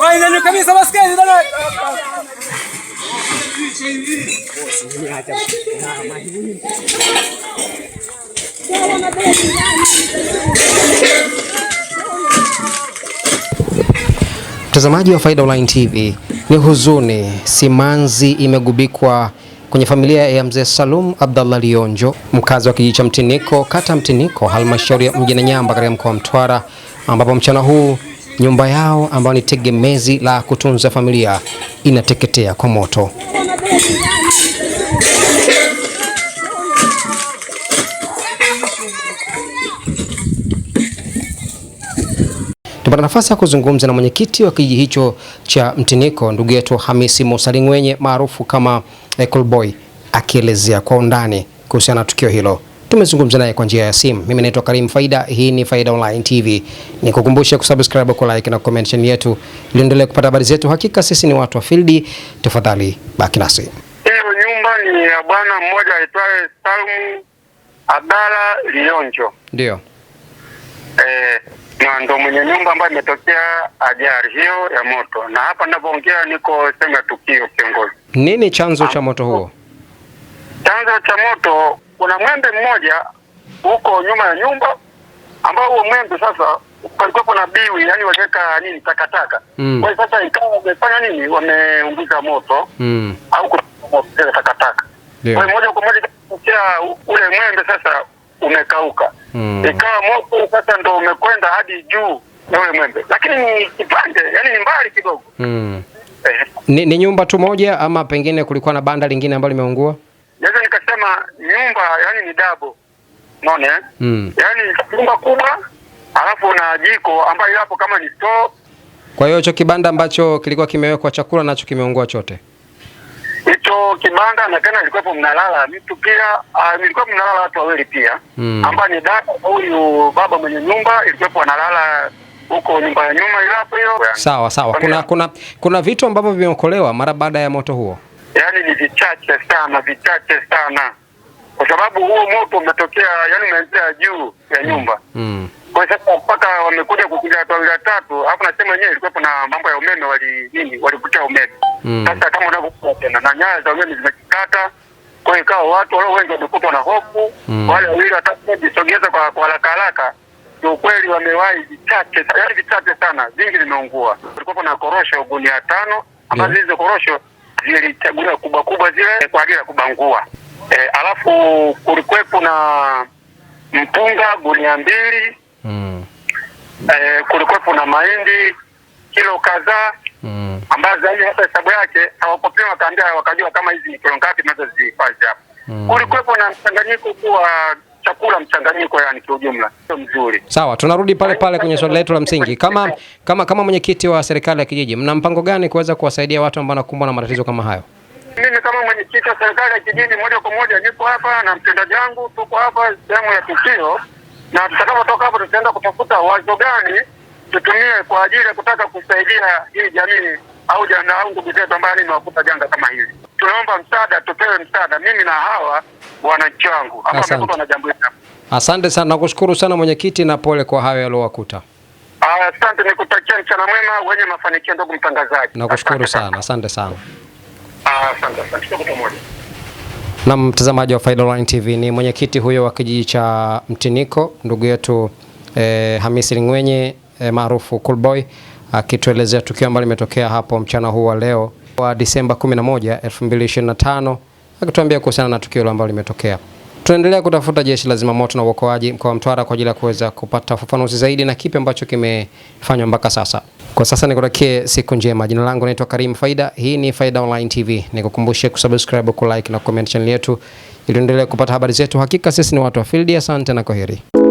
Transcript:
Waende kabisa maskini dada. Mtazamaji wa Faida Online TV, ni huzuni, simanzi imegubikwa kwenye familia ya mzee Salum Abdallah Lionjo, mkazi wa kijiji cha Mtiniko, kata Mtiniko, halmashauri ya mji Nanyamba katika mkoa wa Mtwara ambapo mchana huu nyumba yao ambayo ni tegemezi la kutunza familia inateketea kwa moto. Tupata nafasi ya kuzungumza na mwenyekiti wa kijiji hicho cha Mtiniko, ndugu yetu Hamisi Musaling'wenye maarufu kama Cool Boy, akielezea kwa undani kuhusiana na tukio hilo tumezungumza naye kwa njia ya simu. Mimi naitwa Karim Faida, hii ni Faida Online TV. Nikukumbushe kusubscribe, ku like na comment chini yetu ili endelee kupata habari zetu. Hakika sisi ni watu wa field, tafadhali baki nasi. Hiyo nyumba ni ya bwana mmoja aitwaye Salmu Abdala Lionjo, ndio eh, na ndo mwenye nyumba ambayo imetokea ajali hiyo ya moto, na hapa ninapoongea niko sema tukio. Kiongozi, nini chanzo cha moto huo? Chanzo cha moto kuna mwembe mmoja huko nyuma ya nyumba ambao huo mwembe sasa palikuwa na biwi, yani waliweka nini takataka. Mm. Kwa hiyo sasa ikawa wamefanya nini, wameunguza moto mm. au kuzile takataka. Yeah. Kwa hiyo moja kwa moja ule mwembe sasa umekauka. Mm. Ikawa moto sasa ndo umekwenda hadi juu na ule mwembe, lakini ni kipande, yani ni mbali kidogo. Mm. Eh. Ni, ni nyumba tu moja ama pengine kulikuwa na banda lingine ambalo limeungua? kama nyumba yani ni dabo, unaona eh? mm. yani nyumba kubwa alafu na jiko ambayo hapo kama ni store. Kwa hiyo hicho kibanda ambacho kilikuwa kimewekwa chakula nacho kimeungua chote hicho kibanda na tena ilikuwa mnalala mtu pia, nilikuwa ah, mnalala watu wawili pia mm. ambao ni dada huyu baba mwenye nyumba ilikuwa analala huko nyumba ya nyuma ile hapo hiyo. Sawa sawa, kuna kuna kuna vitu ambavyo vimeokolewa mara baada ya moto huo yani ni vichache sana, vichache sana, kwa sababu huo moto umetokea yani umeanzia juu ya mm. nyumba mm. Kwa sasa mpaka wamekuja kukuja watu wawili watatu, alafu nasema wenyewe ilikuwa na mambo ya umeme wali nini walikutia umeme mm. Sasa kama unavyokuwa tena na nyaya za umeme zimekikata, kwa ikawa watu walio wengi wamekutwa na hofu mm. Wale wawili watatu wamejisogeza kwa haraka haraka, Ukweli wamewahi vichache, yani vichache sana, vingi vimeungua. Kulikuwa na korosho gunia tano ambazo hizo yeah. korosho zilichaguliwa kubwa kubwa zile kwa ajili ya kubangua e, alafu kulikuwepo na mpunga gunia mbili mm. e, kulikuwepo na mahindi kilo kadhaa mm. ambazo zaidi hata hesabu yake hawakupima, wakaambia wakajua kama hizi ni kilo ngapi nazo zihifadhi hapo mm. kulikuwepo na mchanganyiko kuwa chakula mchanganyiko, yani kiujumla sio mzuri. Sawa, tunarudi pale pale kwenye swali letu la msingi. Kama kama kama mwenyekiti wa serikali ya kijiji, mna mpango gani kuweza kuwasaidia watu ambao wanakumbwa na matatizo kama hayo? Mimi kama mwenyekiti wa serikali ya kijiji moja kwa moja niko hapa na mtendaji wangu, tuko hapa sehemu ya tukio, na tutakapotoka hapo tutaenda kutafuta wazo gani tutumie kwa ajili ya kutaka kusaidia hii jamii au jana au ndugu zetu ambayo nimewakuta janga kama hili. Tunaomba msaada, tupewe msaada. Mimi na hawa wananchi wangu ambao amekuta na jambo hili. Asante sana, nakushukuru sana mwenyekiti, na pole kwa hayo yaliowakuta. Ah, asante, uh, nikutakia mchana mwema wenye mafanikio ndugu mtangazaji. Nakushukuru sana, asante sana. Ah, asante, asante. Na mtazamaji wa Faida Online TV ni mwenyekiti huyo wa kijiji cha Mtiniko ndugu yetu eh, Hamisi Lingwenye eh, maarufu Coolboy akituelezea tukio ambalo limetokea hapo mchana huu wa leo wa Disemba 11, 2025 akituambia kuhusiana na tukio ambalo limetokea. Tunaendelea kutafuta jeshi la zimamoto na uokoaji mkoa wa Mtwara kwa ajili ya kuweza kupata ufafanuzi zaidi na kipi ambacho kimefanywa mpaka sasa. Kwa sasa nikutakie siku njema. Jina langu naitwa Karim Faida. Hii ni Faida Online TV. Nikukumbushe kusubscribe, kulike na comment channel yetu ili kupata habari zetu. Hakika sisi ni watu wa field. Asante na kwaheri.